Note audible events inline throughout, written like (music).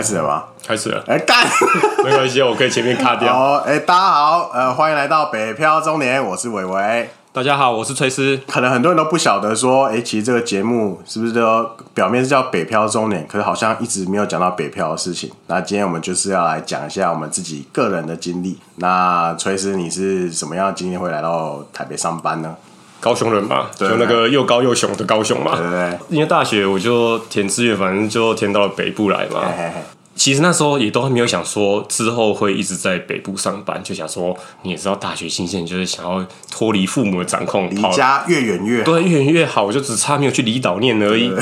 開始了嗎？開始了，哎幹、欸，沒關係，我可以前面卡掉。哎、 (laughs) 哦，欸，大家好，呃，歡迎來到北漂中年，我是偉偉。大家好，我是吹斯。可能很多人都不曉得說，哎、欸，其實這個節目是不是就表面是叫北漂中年，可是好像一直沒有講到北漂的事情。那今天我們就是要來講一下我們自己個人的經歷。那吹斯，你是怎麼樣今天會來到台北上班呢？高雄人嘛，就那個又高又雄的高雄嘛。對對對，因為大學我就填志願，反正就填到了北部來嘛。嘿嘿嘿，其實那時候也都沒有想說之後會一直在北部上班，就想說你也知道大學新鮮，就是想要脫離父母的掌控，離家越遠越好，對，越遠越好。我就只差沒有去離島念而已對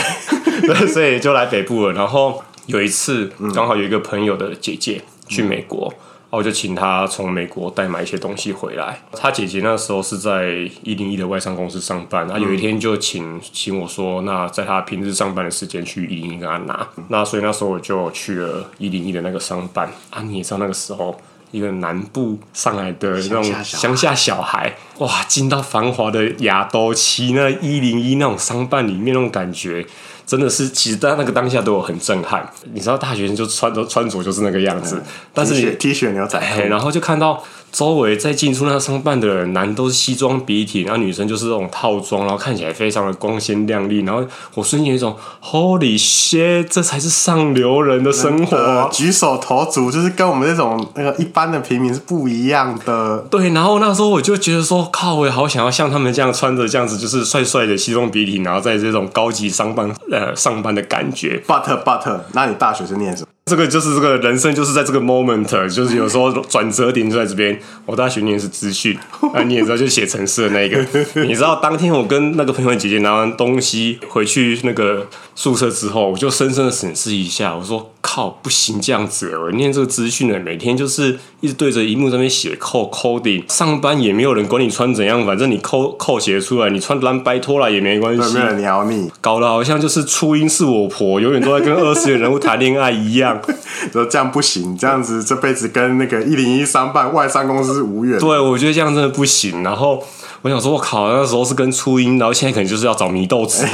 對對 (laughs) 對，所以就來北部了。然後有一次剛好有一個朋友的姐姐去美國。嗯嗯然後我就請他從美國代買一些東西回來。他姐姐那時候是在一零一的外商公司上班，啊，有一天就請、嗯、請我說，那在他平日上班的時間去一零一跟他拿。嗯、那所以那時候我就去了一零一的那個商辦。啊，你也知道那個時候，一個南部上來的那種鄉下小孩，小孩哇，進到繁華的亞多奇那一零一那種商辦裡面那種感覺。真的是，其實在那個當下對我很震撼。你知道，大學生就穿着穿着就是那個樣子，嗯、但是你 T shirt, T 恤牛仔，shirt, okay, 嗯、然後就看到。周圍在進出那個商辦的人，男都是西裝筆挺，然後女生就是這種套裝，然後看起來非常的光鮮亮麗。然後我瞬間有一種 Holy shit，這才是上流人的生活，舉手投足就是跟我們這種那個一般的平民是不一樣的。對，然後那時候我就覺得說，靠、欸，我也我好想要像他們這樣穿着這樣子，就是帥帥的西裝筆挺，然後在這種高級商辦呃上班的感覺。But but，那你大學是念什麼？這個就是這個人生，就是在這個 moment，就是有時候轉折點就在這邊。我大學念的是資訊，啊，然後你也知道，就寫程式的那一個。你知道，當天我跟那個朋友姐姐拿完東西回去那個宿舍之後，我就深深的審視一下，我說。靠，不行這樣子！我念這個資訊呢，每天就是一直對着熒幕上面寫 code coding，上班也沒有人管你穿怎樣，反正你 code code 寫出來，你穿藍白拖了也沒關係。沒有鳥你，搞得好像就是初音是我婆，永遠都在跟二次元人物談戀 (laughs) 愛一樣。說這樣不行，這樣子這輩子跟那個一零一商辦外商公司是無緣。對，我覺得這樣真的不行。然後我想說，我靠，那時候是跟初音，然後現在可能就是要找迷豆子。欸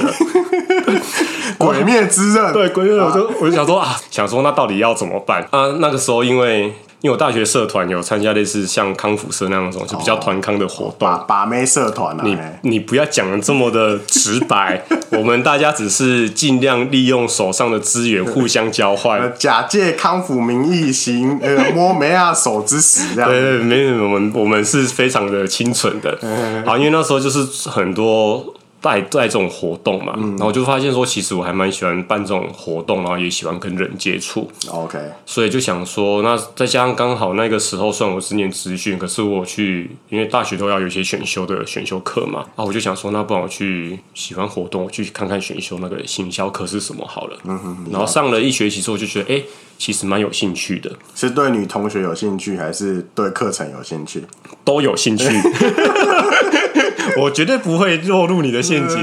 對 (laughs) 鬼滅之刃，嗯、對鬼滅，我就我就想說啊， (laughs) 想說那到底要怎麼辦啊？那個時候，因為因為我大學社團有參加類似像康輔社那樣的種，種就比較團康的活動，哦、把，把妹社團啊。你你不要講的這麼的直白， (laughs) 我們大家只是盡量利用手上的資源互相交換， (laughs) 假借康輔名義行呃摸妹啊手之實。這樣對，對對，沒什麼我們我們是非常的清純的， (laughs) 好，因為那時候就是很多。在，在這種活動嘛，嗯、然後我就發現說，其實我還蠻喜歡辦這種活動，然後也喜歡跟人接觸。OK，所以就想說，那再加上剛好那個時候算我十年資訊，可是我去因為大學都要有一些選修的選修課嘛，啊，我就想說，那不然我去喜歡活動，我去看看選修那個行銷課是什麼好了。嗯哼，嗯嗯然後上了一學期之後，我就覺得哎、欸，其實蠻有興趣的。是對女同學有興趣，還是對課程有興趣？都有興趣。 (laughs) (laughs) (laughs) 我絕對不會落入你的陷阱，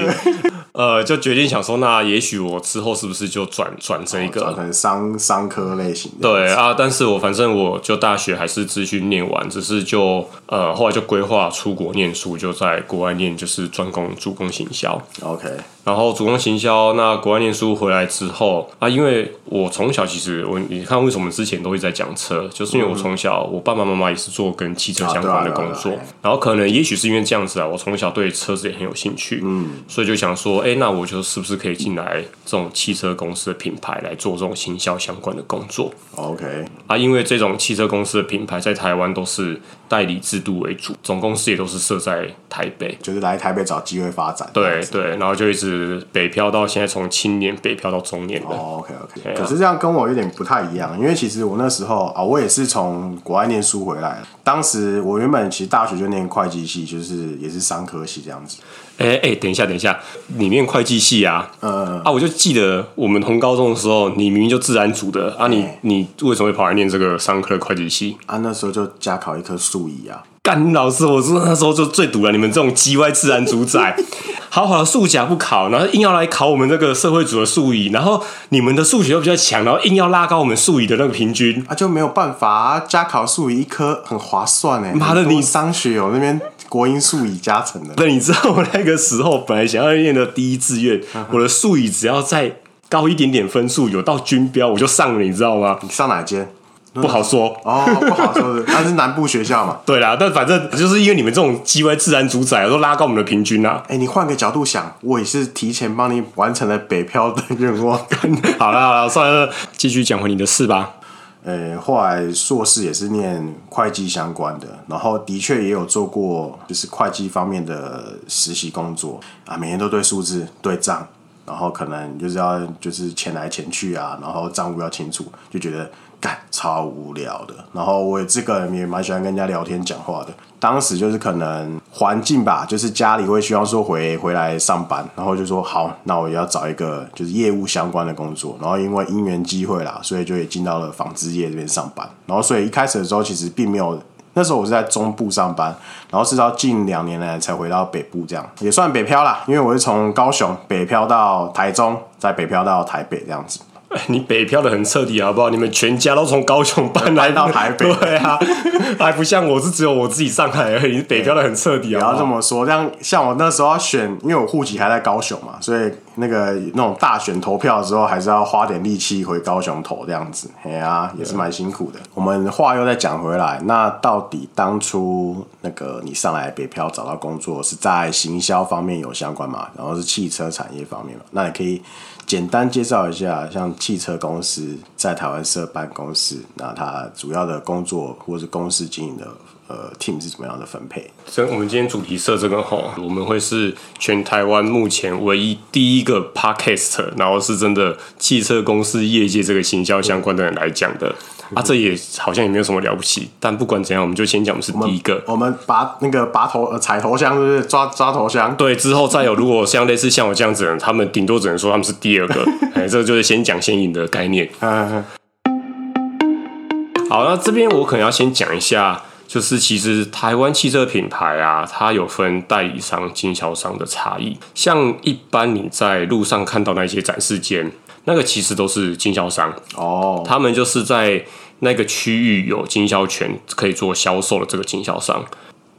呃，就決定想說，那也許我之後是不是就轉轉成一個，轉、哦、成商商科類型？對啊，但是我反正我就大學還是資訊念完，只是就呃後來就規劃出國念書，就在國外念，就是專攻主攻行銷。OK。然後主攻行銷，那國外念書回來之後啊，因為我從小其實我你看為什麼之前都會在講車，就是因為我從小我爸爸媽，媽媽也是做跟汽車相關的工作，啊啊啊啊、然後可能也許是因為這樣子啊，我從小對車子也很有興趣，嗯，所以就想說，哎、欸，那我就是不是可以進來這種汽車公司的品牌來做這種行銷相關的工作？OK，啊，因為這種汽車公司的品牌在台灣都是代理制度為主，總公司也都是設在台北，就是來台北找機會發展。對對，然後就一直。是北漂到現在，從青年北漂到中年 o、oh, k OK, okay.。可是這樣跟我有點不太一樣，因為其實我那時候啊，我也是從國外念書回來，當時我原本其實大學就念會計系，就是也是商科系這樣子。哎哎、欸欸，等一下等一下，你念會計系啊？嗯啊，我就記得我們同高中的時候，你明明就自然組的啊你，你、欸、你為什麼會跑來念這個商科的會計系？啊，那時候就加考一科數一啊。幹老師，我說那時候就最堵了。你們這種嘰歪自然主宰， (laughs) 好好的數甲不考，然後硬要來考我們這個社會組的數乙，然後你們的數學又比較強，然後硬要拉高我們數乙的那個平均，啊，就沒有辦法、啊、加考數乙一科，很划算誒。媽的你，你商學哦，那邊國英數乙加成的，那 (laughs) 你知道我那個時候本來想要念的第一志願， (laughs) 我的數乙只要再高一點點分數，有到均標我就上了，你知道嗎？你上哪間？不好說哦，不好說的，他 (laughs) 是南部學校嘛？對啦，但反正就是因為你們這種機會自然主宰，都拉高我們的平均啦，啊。哎，欸，你換個角度想，我也是提前幫你完成了北漂的願望。 (laughs) 好了好了，算了，繼續講回你的事吧。呃、欸，後來碩士也是念會計相關的，然後的確也有做過就是會計方面的實習工作啊，每天都對數字、對賬，然後可能就是要就是錢來錢去啊，然後賬務要清楚，就覺得。超無聊的，然後我這個人也蠻喜歡跟人家聊天講話的。當時就是可能環境吧，就是家裡會希望說回回來上班，然後就說好，那我也要找一個就是業務相關的工作。然後因為因緣機會啦，所以就也進到了紡織業這邊上班。然後所以一開始的時候其實並沒有，那時候我是在中部上班，然後直到近兩年來才回到北部這樣，也算北漂啦。因為我是從高雄北漂到台中，再北漂到台北這樣子。哎、你北漂的很徹底，好不好？你們全家都從高雄搬來搬到台北，對啊， (laughs) 還不像我是只有我自己上海而已。北漂的很徹底好不好？不要這麼說。這樣像我那時候要選，因為我戶籍還在高雄嘛，所以那個那種大選投票的時候，還是要花點力氣回高雄投這樣子。哎呀、啊，也是蠻辛苦的。對我們話又再講回來，那到底當初那個你上來北漂找到工作是在行銷方面有相關嘛？然後是汽車產業方面嘛？那也可以。簡單介紹一下，像汽車公司在台灣設辦公室，那他主要的工作或是公司經營的。呃，team 是怎麼樣的分配？所以，我們今天主題設這個齁，我們會是全台灣目前唯一第一個 Podcast，然後是真的汽車公司業界這個行銷相關的人來講的。啊，這也好像也沒有什麼了不起。但不管怎樣，我們就先講的是第一個。我們拔那個拔頭呃踩頭香，就是抓抓頭香。對，之後再有，如果像類似像我這樣子的人，他們頂多只能說他們是第二個。哎，這個就是先講先贏的概念。嗯嗯嗯。好，那這邊我可能要先講一下。就是其實台灣汽車品牌啊，它有分代理商、經銷商的差異。像一般你在路上看到那些展示間，那個其實都是經銷商哦。Oh. 他們就是在那個區域有經銷權，可以做銷售的這個經銷商。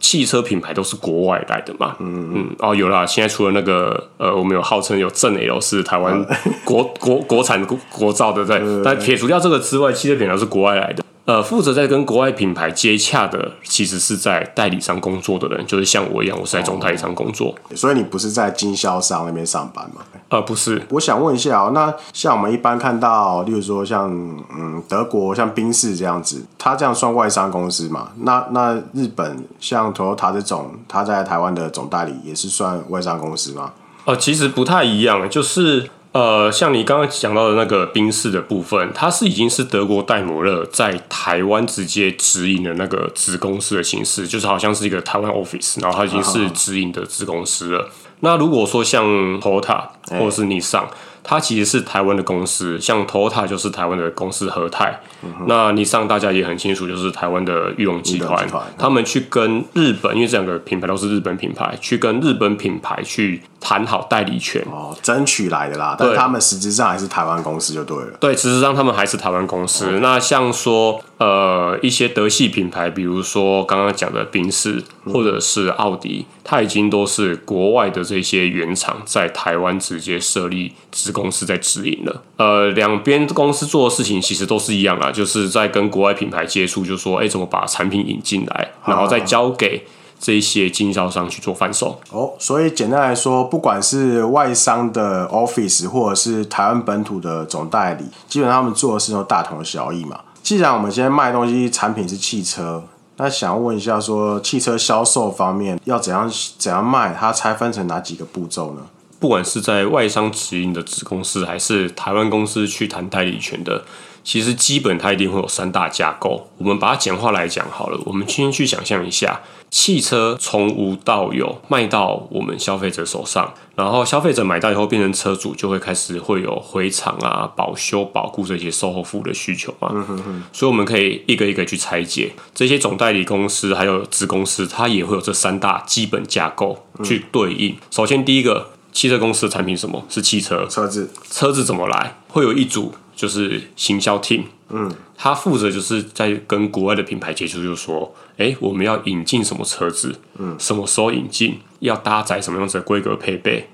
汽車品牌都是國外來的嘛？嗯嗯哦，有啦。現在除了那個呃，我們有號稱有正 L 是台灣國、oh. (laughs) 國國產國造的，對不對？對對對。但撇除掉這個之外，汽車品牌都是國外來的。呃，負責在跟國外品牌接洽的，其實是在代理商工作的人，就是像我一樣，我是在總代理商工作。哦、所以你不是在經銷商那邊上班嗎？呃，不是。我想問一下啊、哦，那像我們一般看到、哦，例如說像嗯德國像賓士這樣子，他這樣算外商公司嘛？那那日本像 Toyota 這種，他在台灣的總代理也是算外商公司嗎？哦、呃，其實不太一樣，就是。呃，像你剛剛講到的那個賓士的部分，它是已經是德國戴姆勒在台灣直接直營的那個子公司的形式，就是好像是一個台灣 office，然後它已經是直營的子公司了。哦、好好，那如果說像 Toyota 或者是 Nissan，、欸、它其實是台灣的公司，像 Toyota 就是台灣的公司和泰。 (music) 那你上大家也很清楚，就是台灣的裕隆集團，日本集團嗯、他們去跟日本，因為這兩個品牌都是日本品牌，去跟日本品牌去談好代理權哦，爭取來的啦。對但他們實質上還是台灣公司就對了。對，實質上他們還是台灣公司。哦、那像說呃一些德系品牌，比如說剛剛講的賓士、嗯、或者是奧迪，它已經都是國外的這些原廠在台灣直接設立子公司在直營了。呃，兩邊公司做的事情其實都是一樣啊。就是在跟國外品牌接觸，就說哎，怎麼把產品引進來，然後再交給這些經銷商去做販售。哦，oh, 所以簡單來說，不管是外商的 office 或者是台灣本土的總代理，基本上他們做的事都大同小異嘛。既然我們現在賣的東西，產品是汽車，那想問一下說，說汽車銷售方面要怎樣怎樣賣？它拆分成哪幾個步驟呢？不管是在外商直營的子公司，還是台灣公司去談代理權的。其實基本它一定會有三大架構，我們把它簡化來講好了。我們今天去想象一下，汽車從無到有賣到我們消費者手上，然後消費者買到以後變成車主，就會開始會有回廠啊、保修、保固這些售後服務的需求嘛。嗯、哼哼，所以我們可以一個一個去拆解這些總代理公司還有子公司，它也會有這三大基本架構去對應。嗯、首先第一個，汽車公司的產品是什麼？是汽車。車子，車子怎麼來？會有一組。就是行銷 team，嗯，他負責就是在跟國外的品牌接觸，就是說，欸，我們要引進什麼車子，嗯，什麼時候引進，要搭載什麼樣子的規格配備，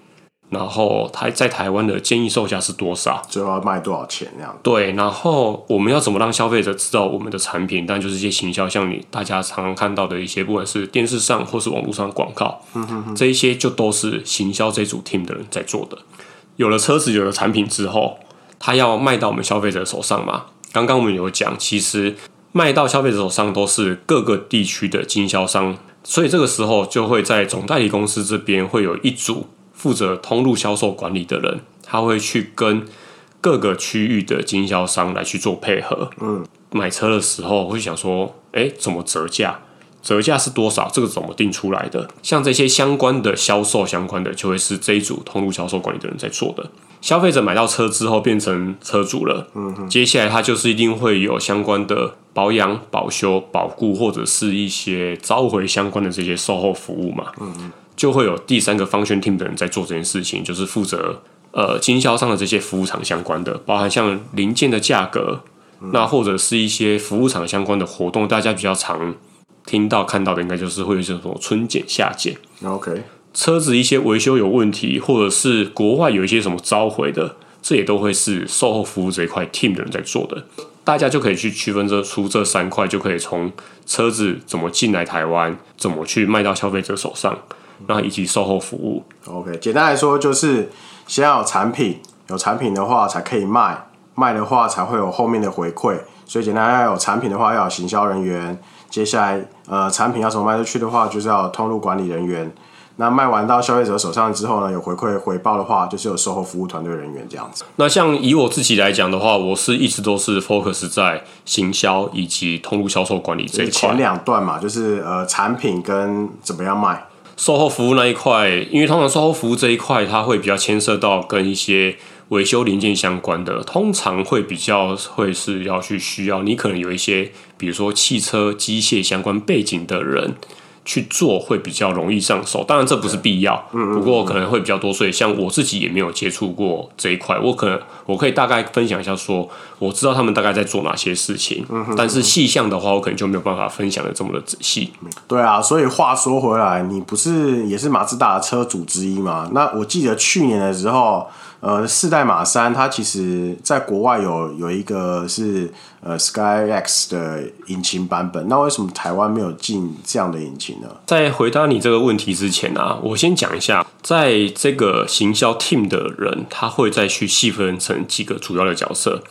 然後他在台灣的建議售價是多少，最後要賣多少錢那樣。對，然後我們要怎麼讓消費者知道我們的產品？但就是一些行銷，像你大家常常看到的一些，不管是電視上或是網絡上的廣告，嗯嗯，這一些就都是行銷這組 team 的人在做的。有了車子，有了產品之後。他要賣到我們消費者手上嘛？剛剛我們有講，其實賣到消費者手上都是各個地區的經銷商，所以這個時候就會在總代理公司這邊會有一組負責通路銷售管理的人，他會去跟各個區域的經銷商來去做配合。嗯，買車的時候會想說，誒，怎麼折價？折價是多少？這個怎麼定出來的？像這些相關的銷售相關的，就會是這一組通路銷售管理的人在做的。消費者買到車之後變成車主了，嗯、哼接下來他就是一定會有相關的保養、保修、保固或者是一些召回相關的這些售後服務嘛，嗯、哼就會有第三個 function team 的人在做這件事情，就是負責呃經銷商的這些服務廠相關的，包含像零件的價格，嗯、那或者是一些服務廠相關的活動，大家比較常聽到看到的，應該就是會有一種春減夏減，OK。車子一些維修有問題，或者是國外有一些什麼召回的，這也都會是售後服務這一塊 team 的人在做的。大家就可以去區分這出這三塊，就可以從車子怎麼進來台灣，怎麼去賣到消費者手上，那以及售後服務。OK，簡單來說就是先要有產品，有產品的話才可以賣，賣的話才會有後面的回饋。所以簡單要有產品的話，要有行銷人員。接下來呃，產品要怎麼賣出去的話，就是要有通路管理人員。那賣完到消費者手上之後呢，有回饋回報的話，就是有售後服務團隊人員這樣子。那像以我自己來講的話，我是一直都是 focus 在行銷以及通路銷售管理這一塊。前兩段嘛，就是呃，產品跟怎麼樣賣，售後服務那一塊，因為通常售後服務這一塊，它會比較牽涉到跟一些維修零件相關的，通常會比較會是要去需要你可能有一些，比如說汽車機械相關背景的人。去做會比較容易上手，當然這不是必要，對，不過可能會比較多。嗯嗯嗯。所以像我自己也沒有接觸過這一塊，我可能我可以大概分享一下說，說我知道他們大概在做哪些事情，嗯嗯嗯。但是細項的話，我可能就沒有辦法分享得這麼的仔細。對啊，所以話說回來，你不是也是馬自達的車主之一嗎？那我記得去年的時候。呃，四代馬三它其實在國外有有一個是呃 Sky X 的引擎版本，那為什麼台灣沒有進這樣的引擎呢？在回答你這個問題之前呢啊，我先講一下，在這個行銷 team 的人，他會再去細分成幾個主要的角色，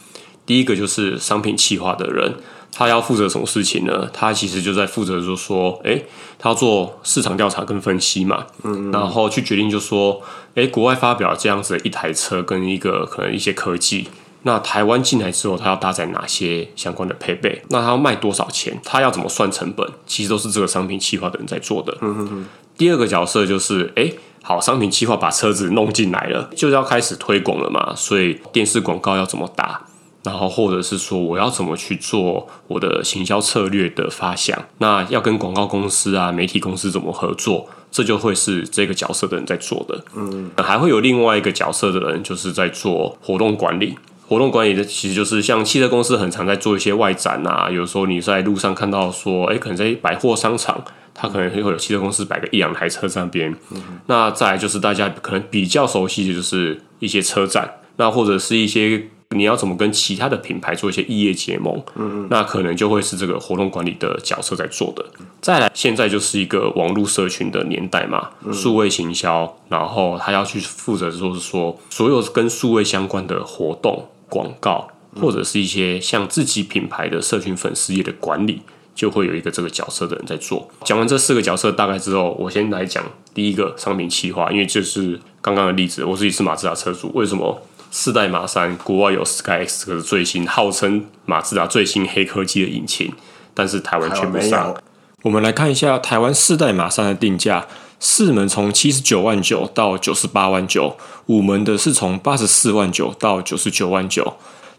第一個就是商品企劃的人。他要負責什麼事情呢？他其實就在負責，就是說，誒、欸，他要做市場調查跟分析嘛，嗯，嗯，然後去決定，就是說，誒、欸，國外發表這樣子的一台車跟一個可能一些科技，那台灣進來之後，他要搭載哪些相關的配備？那他要賣多少錢？他要怎麼算成本？其實都是這個商品企劃的人在做的。嗯嗯嗯。第二個角色就是，誒、欸，好，商品企劃把車子弄進來了，就要開始推廣了嘛，所以電視廣告要怎麼打？然後，或者是說，我要怎麼去做我的行銷策略的發想？那要跟廣告公司啊、媒體公司怎麼合作？這就會是這個角色的人在做的。嗯，還會有另外一個角色的人，就是在做活動管理。活動管理，其實就是像汽車公司很常在做一些外展啊。有時候你在路上看到說，誒、欸，可能在百貨商場，它、嗯、可能會有汽車公司擺個一兩台車在那邊。嗯、那再就是大家可能比較熟悉的，就是一些車展，那或者是一些。你要怎麼跟其他的品牌做一些異業結盟？嗯嗯，那可能就會是這個活動管理的角色在做的。再來，現在就是一個網絡社群的年代嘛，數位行銷，然後他要去負責，就是說所有跟數位相關的活動、廣告，或者是一些像自己品牌的社群粉絲頁的管理，就會有一個這個角色的人在做。講完這四個角色大概之後，我先來講第一個商品企劃，因為這是剛剛的例子，我自己是馬自達車主，為什麼？四代馬三，國外有 SkyX 這個最新，號稱馬自達最新黑科技的引擎，但是台灣卻不上。沒有。我們來看一下台灣四代馬三的定價：四門從七十九萬九到九十八萬九，五門的是從八十四萬九到九十九萬九。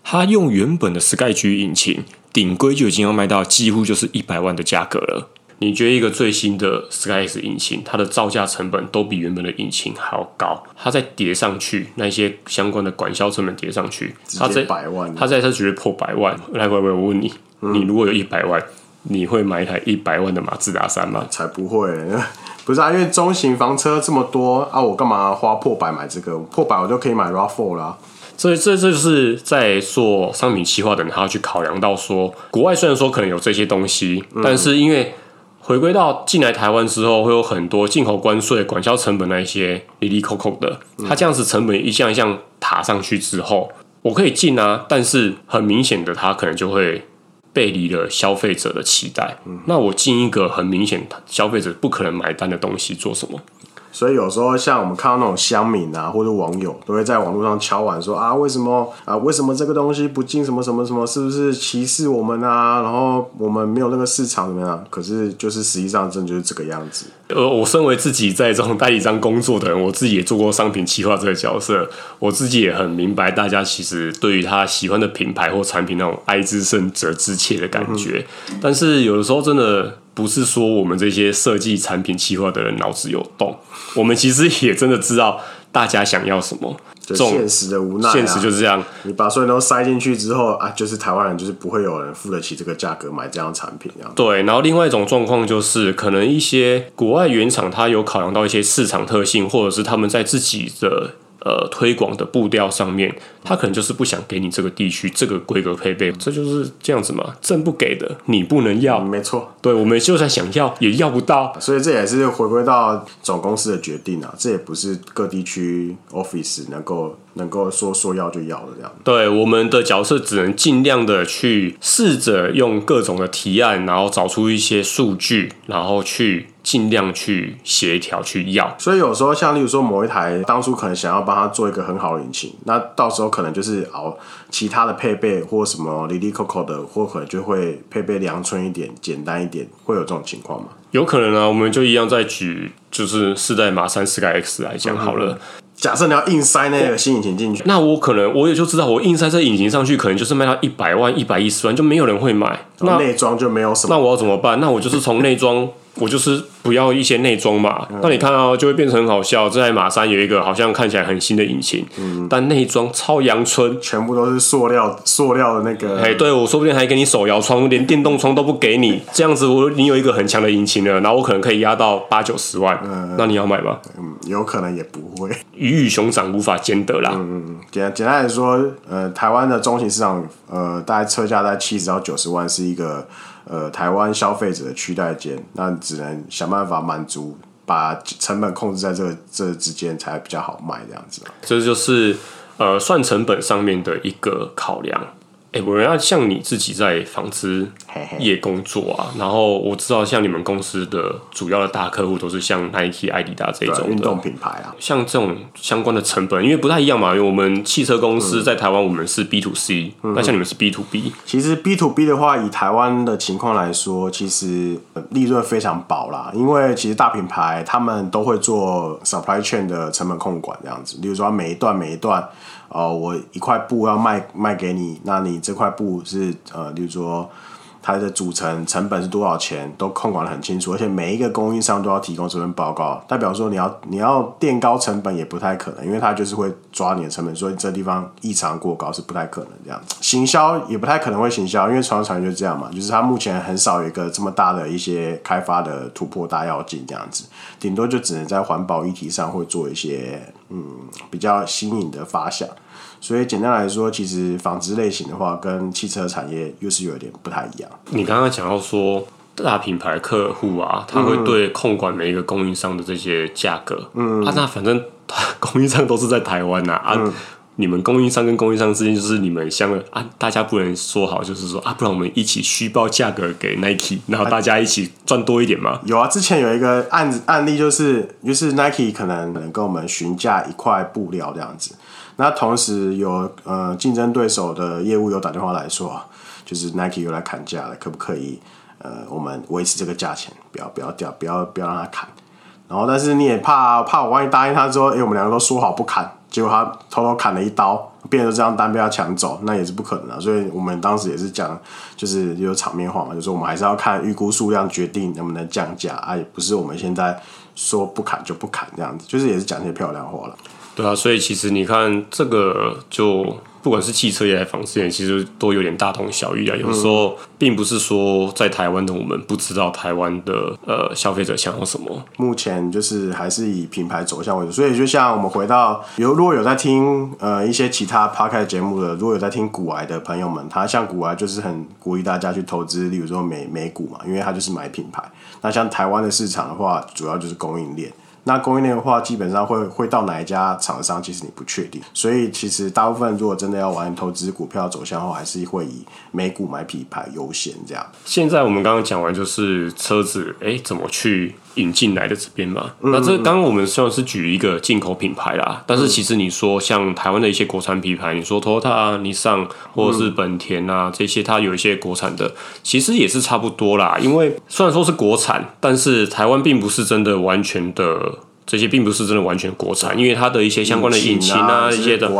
它用原本的 SkyG 引擎，頂規就已經要賣到幾乎就是一百萬的價格了。你覺得一個最新的 SkyS 引擎，它的造價成本都比原本的引擎還要高，它再疊上去那些相關的管銷成本疊上去，它在百萬，它在它絕對破百萬。來喂喂，我問你，嗯、你如果有一百萬，你會買一台一百萬的馬自達三嗎？才不會，不是啊，因為中型房車這麼多啊，我幹嘛花破百買這個？破百我就可以買 RAV4 啦。所以，這就是在做商品企劃的人，他要去考量到說，國外雖然說可能有這些東西，嗯、但是因為。回歸到進來台灣之後，會有很多進口關稅、管銷成本那些哩哩扣扣的，它、嗯、這樣子成本一項一項爬上去之後，我可以進啊，但是很明顯的，它可能就會背離了消費者的期待。嗯、那我進一個很明顯消費者不可能買單的東西，做什麼？所以有時候像我們看到那種鄉民啊，或者網友，都會在網絡上敲碗說啊，為什麼啊，為什麼這個東西不進什麼什麼什麼，是不是歧視我們啊？然後我們沒有那個市場怎麼樣？可是就是實際上真的就是這個樣子。呃，而我身為自己在這種代理商工作的人，我自己也做過商品企劃這個角色，我自己也很明白，大家其實對於他喜歡的品牌或產品那種愛之深、責之切的感覺。嗯、但是有的時候，真的不是說我們這些設計產品企劃的人腦子有洞，我們其實也真的知道。大家想要什麼？現實的無奈、啊，現實就是這樣。你把所有人都塞進去之後啊，就是台灣人，就是不會有人付得起這個價格買這樣產品。對。然後另外一種狀況就是，可能一些國外原廠，它有考量到一些市場特性，或者是他們在自己的。呃，推廣的步調上面，他可能就是不想給你這個地區這個規格配備，這就是這樣子嘛，朕不給的，你不能要，嗯、沒錯，對，我們就算想要也要不到，所以這也是回歸到總公司的決定啊，這也不是各地區 office 能夠。能夠說說要就要的這樣，對，我們的角色只能儘量的去試着用各種的提案，然後找出一些數據，然後去尽量去協調去要。所以有時候像例如說某一台當初可能想要幫他做一個很好的引擎，那到時候可能就是熬其他的配備或什麼哩哩叩叩的，或可能就會配備陽春一點簡單一點，會有這種情況嗎？有可能啊，我們就一樣再舉就是四代馬三四代 X 來講好了。嗯假設你要硬塞那個新引擎進去，那我可能我也就知道，我硬塞這引擎上去，可能就是賣到一百萬、一百一十萬，就沒有人會買。那內裝就沒有什麼那，那我要怎麼辦？那我就是從內裝。我就是不要一些內裝嘛，嗯、那你看到，啊、就會變成很好笑。在馬三有一個好像看起來很新的引擎，嗯、但內裝超陽春，全部都是塑料，塑料的那個。哎、欸，對，我說不定還給你手搖窗，連電動窗都不給你。對這樣子我你有一個很強的引擎了，然後我可能可以壓到八九十萬。嗯，那你要買吧？嗯，有可能也不會。魚與熊掌無法兼得啦。嗯嗯，簡簡單來說，呃，台灣的中型市場，呃，大概車價在七十到九十萬是一個。呃，台灣消費者的期待間，那只能想辦法滿足，把成本控制在這個這個之間，才比較好賣這樣子。這就是呃，算成本上面的一個考量。欸、我要像你自己在紡織業工作啊，嘿嘿，然後我知道像你們公司的主要的大客戶都是像 Nike 對、Adidas 這一種運動品牌啊，像這種相關的成本，因為不太一樣嘛。因為我們汽車公司在台灣，我們是 B to C，那、嗯、像你們是 B to B、嗯。其實 B to B 的話，以台灣的情況來說，其實利潤非常薄啦。因為其實大品牌他們都會做 supply chain 的成本控管這樣子，例如說每一段每一段。哦，我一塊布要賣賣給你，那你這塊布是呃，比如說它的組成成本是多少錢，都控管得很清楚，而且每一個供應商都要提供這份報告，代表說你要你要墊高成本也不太可能，因為它就是會抓你的成本，所以這地方異常過高是不太可能這樣子。行銷也不太可能會行銷，因為傳統就是這樣嘛，就是它目前很少有一個這麼大的一些開發的突破大躍進這樣子，頂多就只能在環保議題上會做一些，嗯，比較新穎的發想，所以簡單來說，其實紡織類型的話，跟汽車產業又是有點不太一樣。你剛剛講到說大品牌客戶啊，他會對控管每一個供應商的這些價格，嗯，啊，那反正他供應商都是在台灣啊，啊，嗯。你們供應商跟供應商之間就是你們相啊，大家不能說好，就是說啊，不然我們一起虛報價格給 Nike，然後大家一起賺多一點嗎、啊？有啊，之前有一個案子案例、就是，就是就是 Nike 可能可能跟我們詢價一塊布料這樣子，那同時有呃競爭對手的業務有打電話來說，就是 Nike 又來砍價了，可不可以呃我們維持這個價錢，不要不要掉，不要,不要,不,要不要讓他砍，然後但是你也怕怕我萬一答應他之後，哎、欸、我們兩個都說好不砍。結果他偷偷砍了一刀，變成這張單被他搶走，那也是不可能的。所以我們當時也是講，就是有場面話嘛，就說、是、我們還是要看預估數量，決定能不能降價啊，也不是我們現在說不砍就不砍這樣子，就是也是講一些漂亮話了。對啊，所以其實你看這個就。不管是汽車業還是紡織業，其實都有點大同小異啊。有時候並不是說在台灣的我們不知道台灣的呃消費者想要什麼。目前就是還是以品牌走向為主，所以就像我們回到，比如如果有在聽呃一些其他 Podcast 節目的，如果有在聽股癌的朋友們，他像股癌就是很鼓勵大家去投資，例如說美美股嘛，因為他就是買品牌。那像台灣的市場的話，主要就是供應鏈。那供應鏈的話，基本上會會到哪一家廠商，其實你不確定。所以其實大部分如果真的要玩投資股票走向的話，還是會以美股買品牌優先這樣。現在我們剛剛講完就是車子，哎、欸，怎麼去？引進來的這邊嘛，嗯嗯那這剛剛我們算是舉一個進口品牌啦，但是其實你說像台灣的一些國產品牌，嗯、你說 Toyota 尼桑或者是本田啊、嗯、這些，它有一些國產的，其實也是差不多啦。因為雖然說是國產，但是台灣並不是真的完全的。這些並不是真的完全國產，因為它的一些相關的引擎啊，一些的，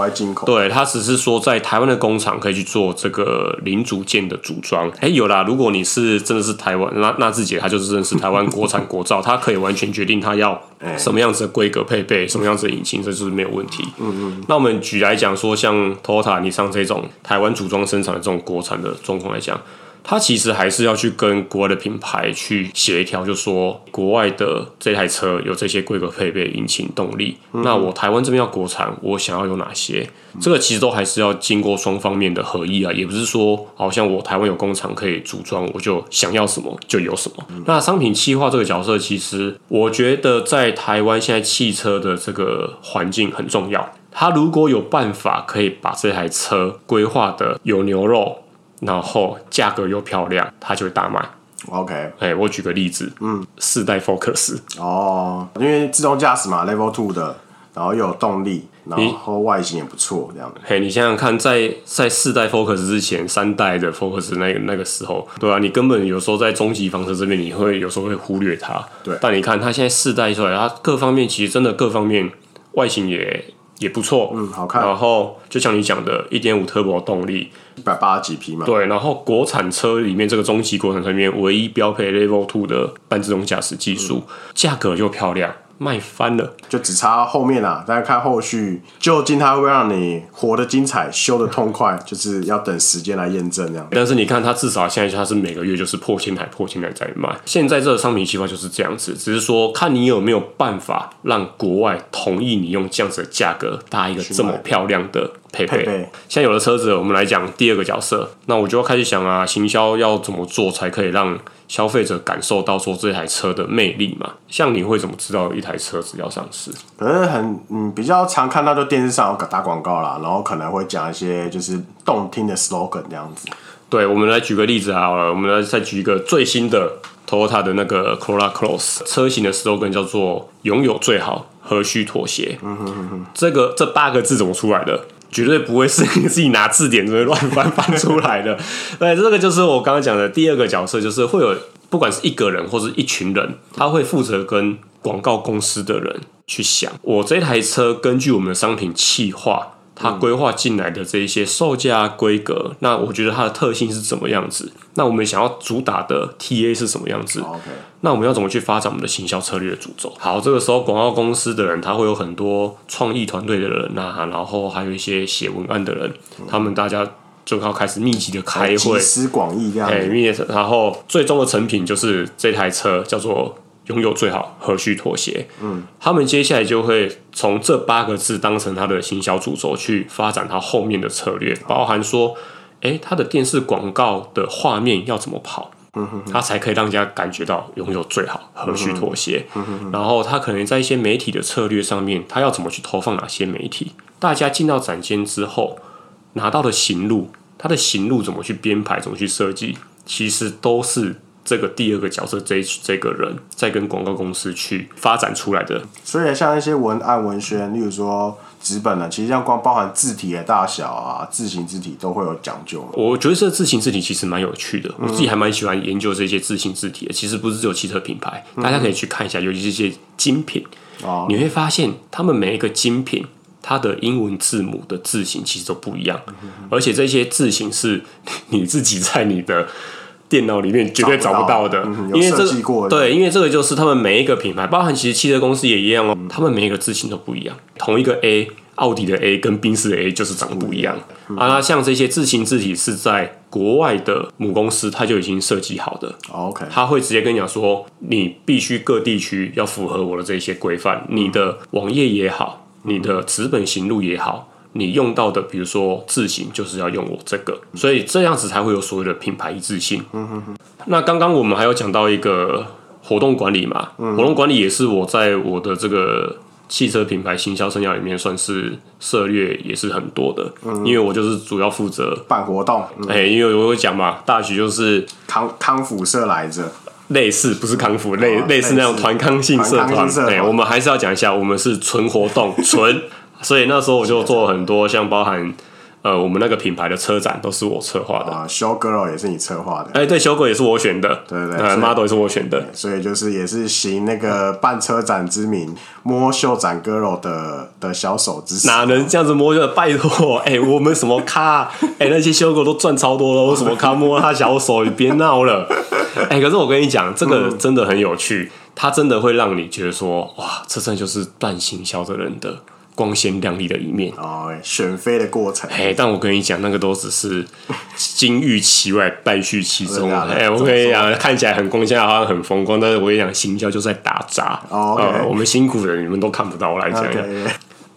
對，它只是說在台灣的工廠可以去做這個零組件的組裝。哎、欸，有啦，如果你是真的是台灣那那自己，它就是真的是台灣國產國造， (laughs) 它可以完全決定它要什麼樣子的規格配備，什麼樣子的引擎，這就是沒有問題。嗯嗯。那我們舉來講說，像 Toyota 你上這種台灣組裝生產的這種國產的狀況來講。他其實還是要去跟國外的品牌去協調，就說國外的這台車有這些規格配備引擎動力，嗯嗯，那我台灣這邊要國產，我想要有哪些？這個其實都還是要經過雙方面的合意啊，也不是說好像我台灣有工廠可以組裝，我就想要什麼就有什麼。嗯嗯，那商品企劃這個角色，其實我覺得在台灣現在汽車的這個環境很重要，他如果有辦法可以把這台車規劃的有牛肉，然後價格又漂亮，它就會大賣。OK，哎，我舉個例子，嗯，四代 Focus 哦，因為自動駕駛嘛，Level Two 的，然後又有動力，然後外形也不錯，你這樣。嘿，你想想看，在在四代 Focus 之前，三代的 Focus 那個、那個時候，對啊，你根本有時候在中級房車這邊，你會有時候會忽略它。對，但你看它現在四代出來，它各方面其實真的各方面外形也也不錯，嗯，好看。然後就像你講的，一點五 Turbo 動力。一百八十幾匹嘛？對，然後國產車裡面這個中級國產車裡面唯一標配 Level Two 的半自動駕駛技術，價、嗯、格又漂亮，賣翻了，就只差後面啦！大家看後續究竟它會，會讓你活得精彩，修得痛快，嗯、就是要等時間來驗證這樣，但是你看，它至少現在它是每個月就是破千台、破千台在賣。現在這個商品計劃就是這樣子，只是說看你有沒有辦法讓國外同意你用這樣子的價格搭一個這麼漂亮的。配配陪像有了車子，我們來講第二個角色。那我就要開始想啊，行銷要怎麼做才可以讓消費者感受到說這台車的魅力嘛？像你會怎麼知道有一台車子要上市？可是很嗯，比較常看到就電視上有打廣告啦，然後可能會講一些就是動聽的 slogan 這樣子。對，我們來舉個例子好了，我們來再舉一個最新的 Toyota 的那個 Corolla Cross 車型的 slogan 叫做“擁有最好，何須妥協”。嗯哼哼、嗯、哼，這個這八個字怎麼出來的？絕對不會是你自己拿字典亂翻翻出來的。對，這個就是我剛剛講的第二個角色，就是會有不管是一個人或者一群人，他會負責跟廣告公司的人去想，我這台車根據我們的商品企劃。它規劃進來的這一些售價、規格，嗯、那我覺得它的特性是怎麼樣子？那我們想要主打的 TA 是什麼樣子？哦 okay、那我們要怎麼去發展我們的行銷策略的主軸？好，這個時候廣告公司的人，他會有很多創意團隊的人吶、啊，然後還有一些寫文案的人，嗯、他們大家就要開始密集的開會、集思廣益這樣子。欸、然後最終的成品就是這台車，叫做。擁有最好，何須妥協？嗯，他們接下來就會從這八個字當成他的行銷主軸去發展他後面的策略，包含說，誒，他的電視廣告的畫面要怎麼跑，嗯哼哼，他才可以讓大家感覺到擁有最好，何須妥協？嗯哼，嗯哼哼，然後他可能在一些媒體的策略上面，他要怎麼去投放哪些媒體？大家進到展間之後拿到的型錄，他的型錄怎麼去編排，怎麼去設計，其實都是。這個第二個角色這，這這個人，在跟廣告公司去發展出來的。所以，像一些文案文宣，例如說紙本的，其實像光包含字體的大小啊，字型字體都會有講究。我覺得這字型字體其實蠻有趣的，嗯、我自己還蠻喜歡研究這些字型字體的。其實不是只有汽車品牌，嗯、大家可以去看一下，尤其這些精品，哦、你會發現他們每一個精品，它的英文字母的字型其實都不一樣，嗯、而且這些字型是你自己在你的。電腦裡面絕對找不到的，嗯、因為這個對，因為這個就是他們每一個品牌，包含其實汽車公司也一樣哦，嗯、他們每一個字型都不一樣，同一個 A，奧迪的 A 跟賓士的 A 就是長得不一樣。嗯、啊，像這些字型字體是在國外的母公司，他就已經設計好的。哦、OK，他會直接跟你講說，你必須各地區要符合我的這些規範，嗯、你的網頁也好，你的紙本型錄也好，你用到的，比如說字型就是要用我這個，所以這樣子才會有所謂的品牌一致性。嗯、哼哼那剛剛我們還有講到一個活動管理嘛，嗯、哼活動管理也是我在我的這個汽車品牌行銷生涯裡面算是涉獵也是很多的。嗯哼，因為我就是主要負責辦活動。哎、嗯欸，因為我有講嘛，大學就是康康輔社來着，類似不是康輔，類類似那種團康性社團、欸。我們還是要講一下，我們是純活動，純。 (laughs) 所以那時候我就做了很多像包含呃我們那個品牌的車展都是我策劃的啊，修哥 l 也是你策劃的，哎、欸、對，修哥也是我選的，對對 m o d t 也是我選的所，所以就是也是行那個辦車展之名摸秀展 girl 的的小手之哪能這樣子摸、欸欸、的？拜託，哎，我們什麼咖，哎那些修哥都賺超多了，什麼咖摸他小手， (laughs) 你別鬧了。哎、欸，可是我跟你講，這個真的很有趣，嗯、它真的會讓你覺得說哇，車展就是斷行銷的人的。光鮮亮麗的一面哎、oh, 選妃的過程。哎，但我跟你講，那個都只是金玉其外， (laughs) 敗絮其中。哎 (laughs) 我跟你講 (laughs) 看起來很光鮮，好像很風光，但是我跟你講，行銷就在打雜哦、oh, okay. 呃。我們辛苦的，你們都看不到。我來講，哎 Okay.、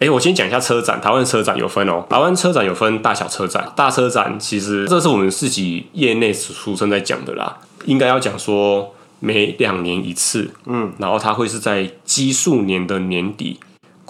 欸，我先講一下車展。台灣車展有分哦，台灣車展有分大小車展。大車展其實這是我們自己業內俗稱在講的啦，應該要講說每兩年一次，嗯，然後它會是在奇數年的年底。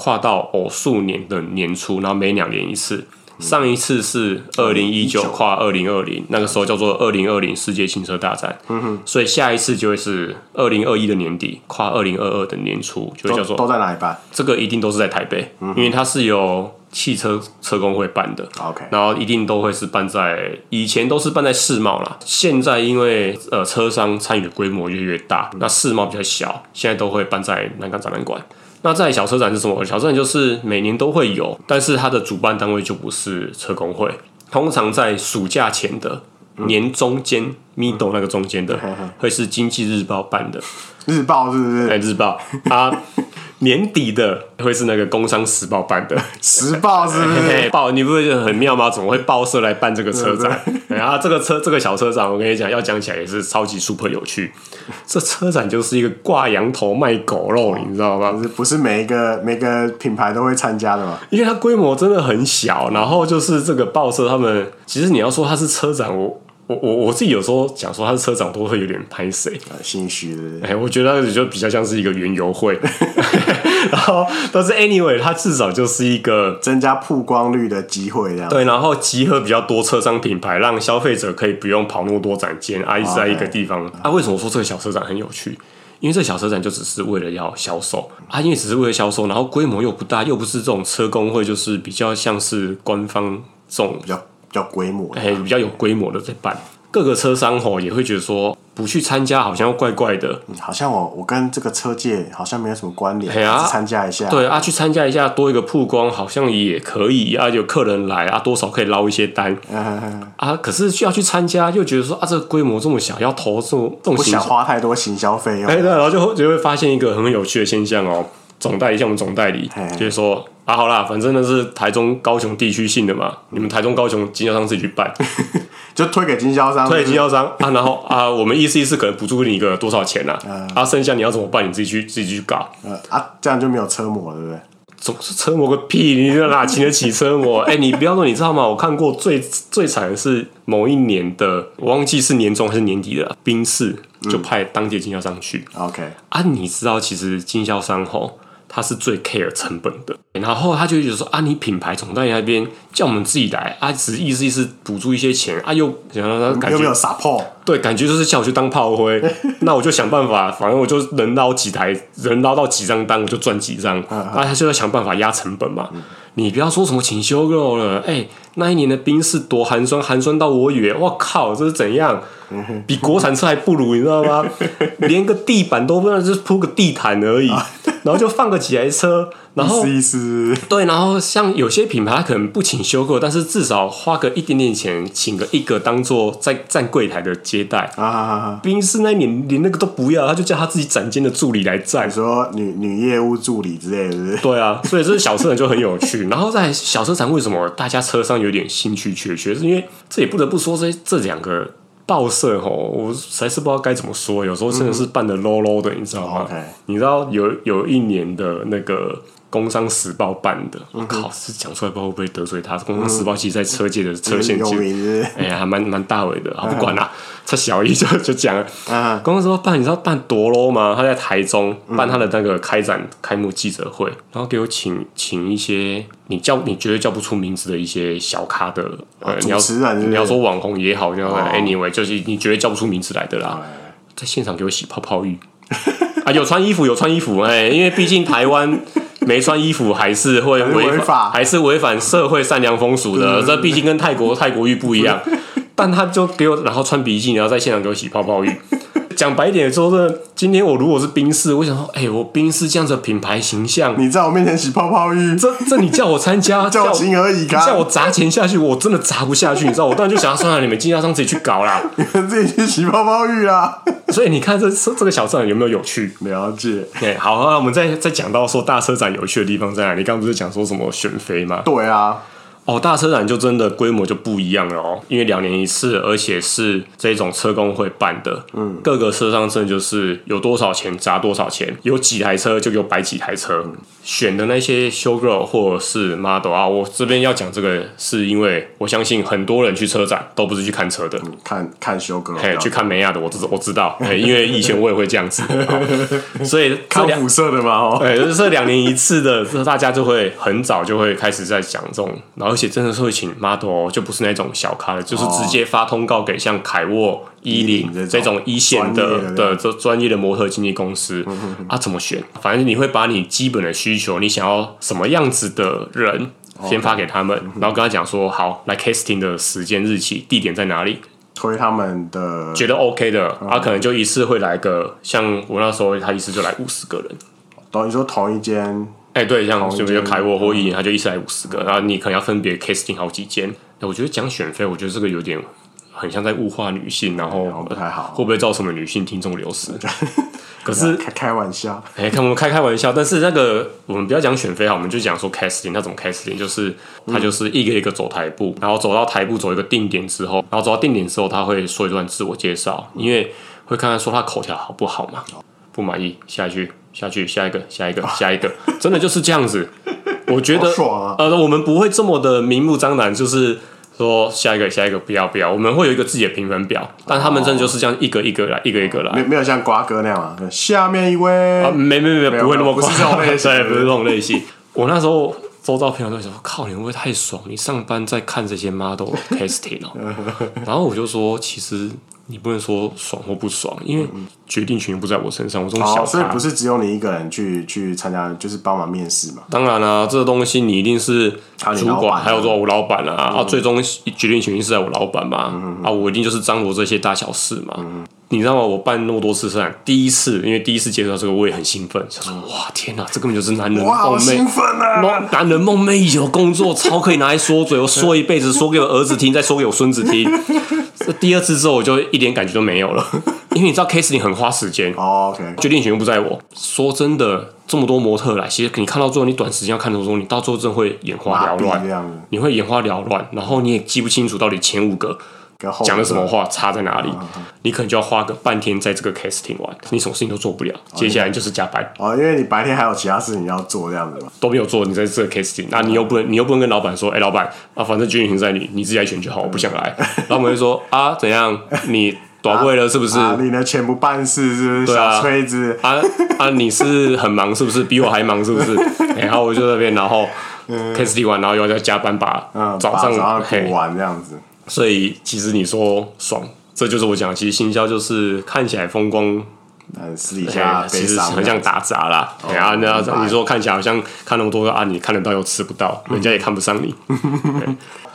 跨到偶數年的年初，然後每兩年一次。嗯、上一次是二零一九跨二零二零，那個時候叫做二零二零世界新車大戰。嗯哼，所以下一次就會是二零二一的年底跨二零二二的年初，就叫做都、都在哪裡辦？這個一定都是在台北，嗯、哼因為它是由汽車車公會辦的。OK，然後一定都會是辦在以前都是辦在世貿啦，現在因為呃車商參與的規模越來越大，嗯、那世貿比較小，現在都會辦在南港展覽館。那在小車展是什麼？小車展就是每年都會有，但是它的主辦單位就不是車工會，通常在暑假前的年中間、嗯、（middle） 那個中間的，會是經濟日報辦的。日報是不是？哎，日報。啊。 (laughs) 年底的會是那個《工商時報》辦的，時報是不是？是 (laughs) 報，你不會覺得很妙嗎？怎麼會報社來辦這個車展？然後、 (laughs) 啊、這個車，這個小車展，我跟你講，要講起來也是超級 super 有趣。這車展就是一個掛羊頭賣狗肉，你知道嗎？不是每一個每個品牌都會參加的嘛，因為它規模真的很小。然後就是這個報社，他們其實你要說它是車展，我。我我自己有時候講說，他的車展，都會有點拍謝，心虛。哎，我覺得他就比較像是一個園遊會，然後但是 anyway，它至少就是一個增加曝光率的機會，這樣對。然後集合比較多車商品牌，讓消費者可以不用跑那麼多展間，而是在一個地方。啊，為什麼說這個小車展很有趣？因為這個小車展就只是為了要銷售，啊，因為只是為了銷售，然後規模又不大，又不是這種車工會，就是比較像是官方這種。比較規模、啊欸，比較有規模的在辦，各個車商吼、喔、也會覺得說，不去參加好像怪怪的，好像我我跟這個車界好像沒有什麼關聯，去參、欸啊、加一下，對啊，去參加一下，多一個曝光，好像也可以啊，有客人來啊，多少可以撈一些單，啊、啊，可是需要去參加，又覺得說啊，這個規模這麼小，要投這麼，這種不想花太多行銷費用，哎、欸，然後就會就會發現一個很有趣的現象哦、喔，總代理像我們總代理，欸、就是說。啊，好啦，反正那是台中、高雄地區性的嘛，你們台中、高雄經銷商自己去辦， (laughs) 就推給經銷商是不是，推給經銷商啊，然後 (laughs) 啊，我們意思意思可能補助你一個多少錢啊，嗯、啊，剩下你要怎麼辦？你自己去，自己去搞，嗯、啊，這樣就沒有車模了，對不對？總是車模個屁，你哪請得起車模，哎， (laughs) 欸、你不要說，你知道嗎？我看過最最慘的是某一年的，我忘記是年中還是年底了，賓士就派當地的經銷商去、嗯，OK，啊，你知道其實經銷商吼。他是最 care 成本的，然後他就一直說：“啊，你品牌總代理在那邊叫我們自己來，啊，只意思意思補助一些錢，啊，又想讓他感覺有沒有撒炮？對，感覺就是叫我去當炮灰，那我就想辦法，反正我就能撈幾台，能撈到幾張單，我就賺幾張。啊，他就在想辦法壓成本嘛。你不要說什麼請修夠了，哎。”那一年的賓士多寒酸，寒酸到我以為我靠，這是怎樣？比國產車還不如，你知道嗎？ (laughs) 連個地板都不知道，就是鋪個地毯而已， (laughs) 然後就放個幾台車。然後意思意思對，然後像有些品牌，他可能不請修購，但是至少花個一點點錢，請個一個當做在站櫃台的接待。啊，賓、啊、士那年連那個都不要，他就叫他自己展間的助理來站，說女女業務助理之類的。對啊，所以這小車展就很有趣。 (laughs) 然後在小車展，為什麼大家車上有點興趣缺缺？是因為這也不得不說這這兩個報社哦，我實在是不知道該怎麼說。有時候真的是辦的 low low 的，嗯嗯你知道嗎？Okay. 你知道有有一年的那個。工商時報辦的，我靠，這講出來不知道會不會得罪他。工商時報其實，在車界的車線界，哎呀，還蠻蠻大尾的。我不管了，他小姨就就講啊，工商時報辦，你知道辦多 low 嗎？他在台中辦他的那個開展開幕記者會，然後給我請請一些你叫你絕對叫不出名字的一些小咖的主持人，你要說網紅也好，你要 anyway，就是你絕對叫不出名字來的啦。在現場給我洗泡泡浴啊，有穿衣服，有穿衣服哎，因為畢竟台灣。沒穿衣服還是會違法，還是違反社會善良風俗的。這畢竟跟泰國泰國浴不一樣，但他就給我，然後穿比基尼，然後在現場給我洗泡泡浴。講白一點說，就是今天我如果是賓士，我想說，哎、欸，我賓士這樣子的品牌形象，你在我面前洗泡泡浴，這這你叫我參加， (laughs) 叫今而已，叫我砸錢下去，我真的砸不下去， (laughs) 你知道？我當然就想說、啊，你們經銷商自己去搞啦，你們自己去洗泡泡浴啊！ (laughs) 所以你看這，這這個小站有沒有有趣？了解。對、欸，好，那我們再再講到說大車展有趣的地方在哪裡？你剛剛不是講說什麼選妃嗎？對啊。哦，大車展就真的規模就不一樣了哦，因為兩年一次，而且是這種車公會辦的，嗯，各個車商證就是有多少錢砸多少錢，有幾台車就就擺幾台車。選的那些 showgirl 或者是 model 啊，我這邊要講這個，是因為我相信很多人去車展都不是去看車的，嗯、看看 showgirl，去看梅亞的，我知我知道， (laughs) 因為以前我也會這樣子， (laughs) 喔、所以看五色的嘛、欸，就是兩年一次的， (laughs) 大家就會很早就會開始在講這種，然後而且真的是會請 model，就不是那種小咖了，就是直接發通告給像凱沃。哦伊林的這種一線的的這專業的模特經紀公司啊，怎麼選？反正你會把你基本的需求，你想要什麼樣子的人，先發給他們，然後跟他講說好，來 casting 的時間、日期、地點在哪裡，推他們的覺得 OK 的，他可能就一次會來個，像我那時候他一次就來五十個人，等於說同一間，哎，對，像就一個就凱渥或伊林他就一次來五十個，然後你可能要分別 casting 好幾間，哎，我覺得講選妃，我覺得這個有點。很像在物化女性，然後不太好、呃，會不會造成女性聽眾流失？覺可是開開玩笑，哎、欸，我們開開玩笑。但是那個 (laughs) 我們不要講選妃啊，我們就講說 casting 他怎麼 casting，就是他就是一個一個走台步，然後走到台步走一個定點之後，然後走到定點之後，他會說一段自我介紹，嗯、因為會看看說他口條好不好嘛。哦、不滿意，下去，下去，下一個，下一個，哦、下一個，真的就是這樣子。 (laughs) 我覺得爽啊！呃，我們不會這麼的明目張膽，就是。說下一個，下一個，不要不要，我們會有一個自己的評分表，但他們真的就是這樣一個一個來，哦、一個一個來，沒沒有像瓜哥那樣啊。下面一位，啊、沒沒沒，沒有沒有不會那麼誇張，不是像，對，不是那種類型。 (laughs) 我那時候周遭朋友都說，靠你，你會不會太爽？你上班在看這些 model casting 哦、喔？ (laughs) 然後我就說，其實。你不能說爽或不爽，因為決定權不在我身上，我總小好所以不是只有你一個人去去參加，就是幫忙面試嘛？當然了、啊，這個東西你一定是主管，啊啊、還有說我老板啊,、嗯嗯、啊，最終決定權是在我老板嘛？嗯嗯嗯啊，我一定就是張羅這些大小事嘛？嗯嗯你知道嗎？我辦那麼多次事，第一次因為第一次接觸到這個，我也很興奮，想說哇天哪、啊，這根本就是男人夢寐，好興奮啊、男人夢寐以求工作，超可以拿來說嘴，我說一輩子，說給我兒子聽， (laughs) 再說給我孫子聽。 (laughs) 這第二次之後我就一點感覺都沒有了， (laughs) 因為你知道 case 你很花時間、oh,，OK，決定權不在我。說真的，這麼多模特來，其實你看到最後，你短時間要看的時候，你到最後真的會眼花繚亂，這樣子你會眼花繚亂，然後你也記不清楚到底前五個。講了什麼話，差在哪裡？你可能就要花個半天在這個 casting 玩，你什麼事情都做不了。接下來就是加班啊，因為你白天還有其他事情要做，這樣子嘛都沒有做，你在這個 casting，那、啊、你又不能，你又不能跟老板說，哎、欸，老板啊，反正均勻在你，你自己來選就好，我不想來。然後我們就說啊，怎樣？你短位了是不是？你的錢不辦事是不是？小錘子啊啊，你是很忙是不是？比我還忙是不是？欸、然後我就在那邊，然後 casting 完，然後又要加班把早上補完這樣子。所以其實你說爽，這就是我講的，其實行銷就是看起來風光，私底下樣其實很像打雜啦。哦、啊，那你說看起來好像看那麼多個案，嗯啊、你看得到又吃不到，嗯、人家也看不上你。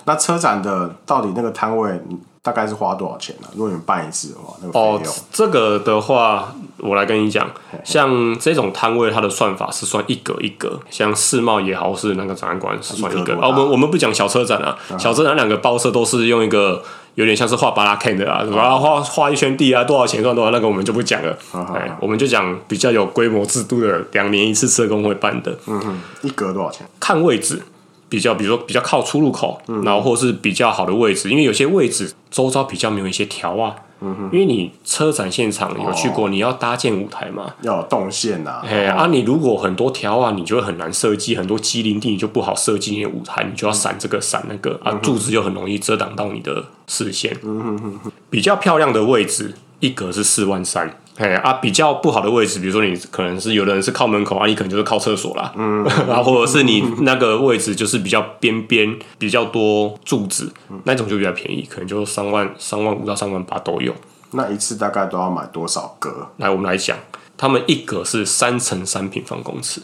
那車展的到底那個攤位？大概是花多少錢呢、啊？如果你們辦一次的話，那個費用哦，這個的話，我來跟你講，像這種攤位，它的算法是算一格一格，像世貿也好，是那個展覽館是算一個啊、哦。我們我們不講小車展啊，嗯、哼小車展兩個包車都是用一個，有點像是畫巴拉 K 的啊，然啊，畫畫一圈地啊，多少錢算多少，那個我們就不講了。好，我們就講比較有規模制度的，兩年一次車工會辦的。嗯嗯，一格多少錢？看位置。比較，比如說比較靠出入口，嗯、哼然後或是比較好的位置，因為有些位置周遭比較沒有一些條啊，嗯、哼因為你車展現場有去過，哦、你要搭建舞台嘛，要有動線吶、啊，哎，哦、啊，你如果很多條啊，你就會很難設計，很多畸零地，你就不好設計那些舞台，你就要閃這個、嗯、閃那個啊，柱、嗯、哼子就很容易遮擋到你的視線，嗯、哼哼比較漂亮的位置一格是四萬三。哎、嗯、啊，比較不好的位置，比如說你可能是有的人是靠門口啊，你可能就是靠廁所啦。嗯，然後 (laughs) 或者是你那個位置就是比較邊邊比較多柱子、嗯、那種就比較便宜，可能就三萬三萬五到三萬八都有。那一次大概都要買多少格？來，我們來講，他們一格是三乘三平方公尺，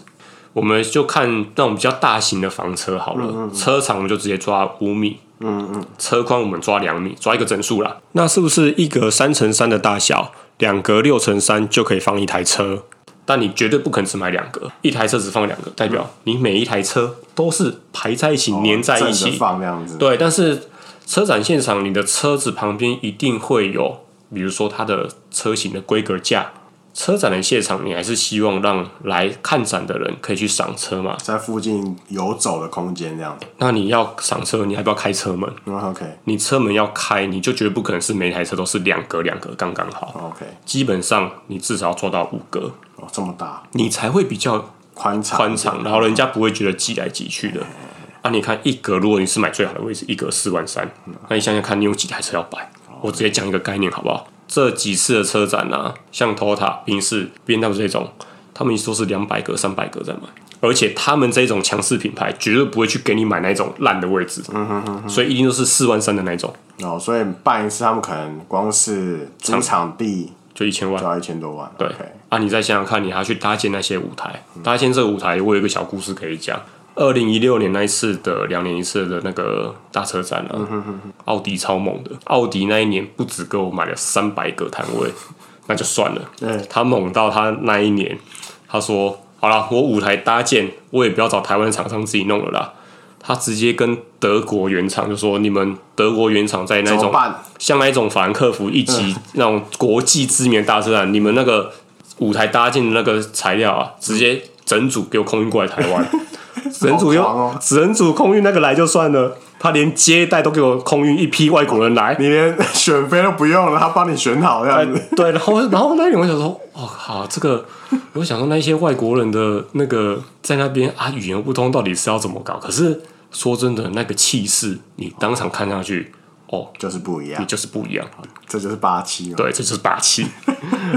我們就看那種比較大型的房車好了，嗯嗯、車長我們就直接抓五米，嗯嗯，嗯車寬我們抓兩米，抓一個整數啦。那是不是一格三乘三的大小？兩格六乘三就可以放一台車，但你絕對不可能只買兩個，一台車只放兩個，代表你每一台車都是排在一起、粘在一起。對，但是車展現場，你的車子旁邊一定會有，比如說它的車型的規格架。車展的現場，你還是希望讓來看展的人可以去賞車嘛？在附近遊走的空間，這樣。那你要賞車，你還不要開車門？Oh, OK。你車門要開，你就絕對不可能是每一台車都是兩格兩格，剛剛好。Oh, OK。基本上你至少要做到五格。哦，oh, 這麼大，你才會比較寬敞寬敞，敞然後人家不會覺得擠來擠去的。嗯、啊，你看一格，如果你是買最好的位置，一格四萬三，嗯、那你想想看，你有幾台車要擺？Oh, okay. 我直接講一個概念，好不好？這幾次的車展啊，像 Toyota、賓士、Bentley 這種，他們一說是兩百個、三百個在買，而且他們這種強勢品牌絕對不會去給你買那種爛的位置，嗯哼哼，哼，所以一定都是四萬三的那種。哦，所以辦一次，他們可能光是租場地場就一千萬，就要一千多萬。對，Okay 啊，你再想想看，你還要去搭建那些舞台，搭建這個舞台，我有一個小故事可以講。二零一六年那一次的兩年一次的那個大車展了、啊，奧、嗯、迪超猛的。奧迪那一年不只給我買了三百個攤位， (laughs) 那就算了。嗯、他猛到他那一年，他說：“好啦，我舞台搭建，我也不要找台灣廠商自己弄了啦。”他直接跟德國原廠就說：“你們德國原廠在那種辦像那一種法蘭克福一級、嗯、那種國際知名的大車展，你們那個舞台搭建的那個材料啊，直接整組給我空運過來台灣。嗯” (laughs) 人主用，哦、人主空運那個來就算了，他連接待都給我空運一批外國人來、哦，你連選妃都不用了，他幫你選好這樣子對。對，然後然後那裡我想說，哦好，這個我想說，那一些外國人的那個在那邊啊，語言不通，到底是要怎麼搞？可是說真的，那個氣勢，你當場看上去，哦，就是不一樣，你就是不一樣，這就是霸氣、哦、對，這就是霸氣。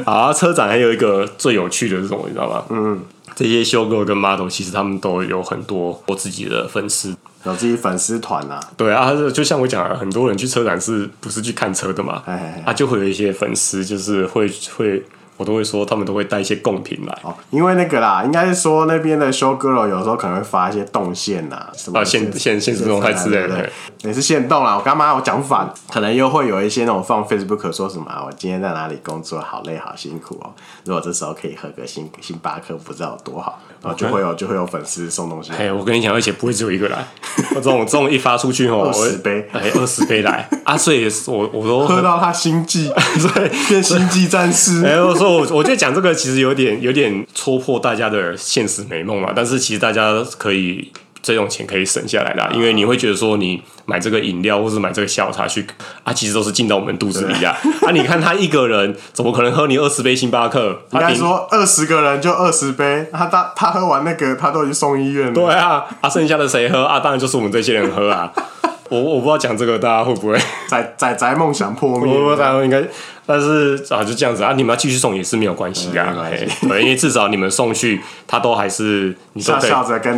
啊， (laughs) 車展還有一個最有趣的是什麼你知道嗎？嗯。這些 show girl 跟 model 其實他們都有很多我自己的粉絲，有自己粉絲團吶。對啊，就就像我講，很多人去車展是不是去看車的嘛？哎，他、啊、就會有一些粉絲，就是會會。我都會說，他們都會帶一些貢品來。哦，因為那個啦，應該是說那邊的 show girl 有時候可能會發一些動線啊，什麼限限限時動態之類的，限限也是限動啦，我幹嘛我講反，嗯、可能又會有一些那種放 Facebook 說什麼啊，我今天在哪裡工作，好累，好辛苦哦。如果這時候可以喝個星星巴克，不知道有多好。啊，就會有就會有粉絲送東西。嘿、欸，我跟你講，而且不會只有一個來，我這種這種一發出去哦，二十 (laughs) 杯，哎，欸、二十杯來。阿、啊、是，我我都喝到他心悸，歲 (laughs) 對變星際戰士。哎，我說我我覺得講這個，其實有點有點戳破大家的現實美夢嘛。但是其實大家可以。這種錢可以省下來啦，因為你會覺得說，你買這個飲料或者買這個下午茶去啊，其實都是進到我們肚子裡的對 啊。你看他一個人 (laughs) 怎麼可能喝你二十杯星巴克？人家說二十個人就二十杯，他他他喝完那個他都已經送醫院了。對啊，啊，剩下的誰喝啊？當然就是我們這些人喝啊。 (laughs) 我我不知道講這個大家會不會宅宅宅夢想破滅。我大家應該。但是啊，就這樣子啊，你們要繼續送也是沒有關係啊，因為至少你們送去，他都還是你都可以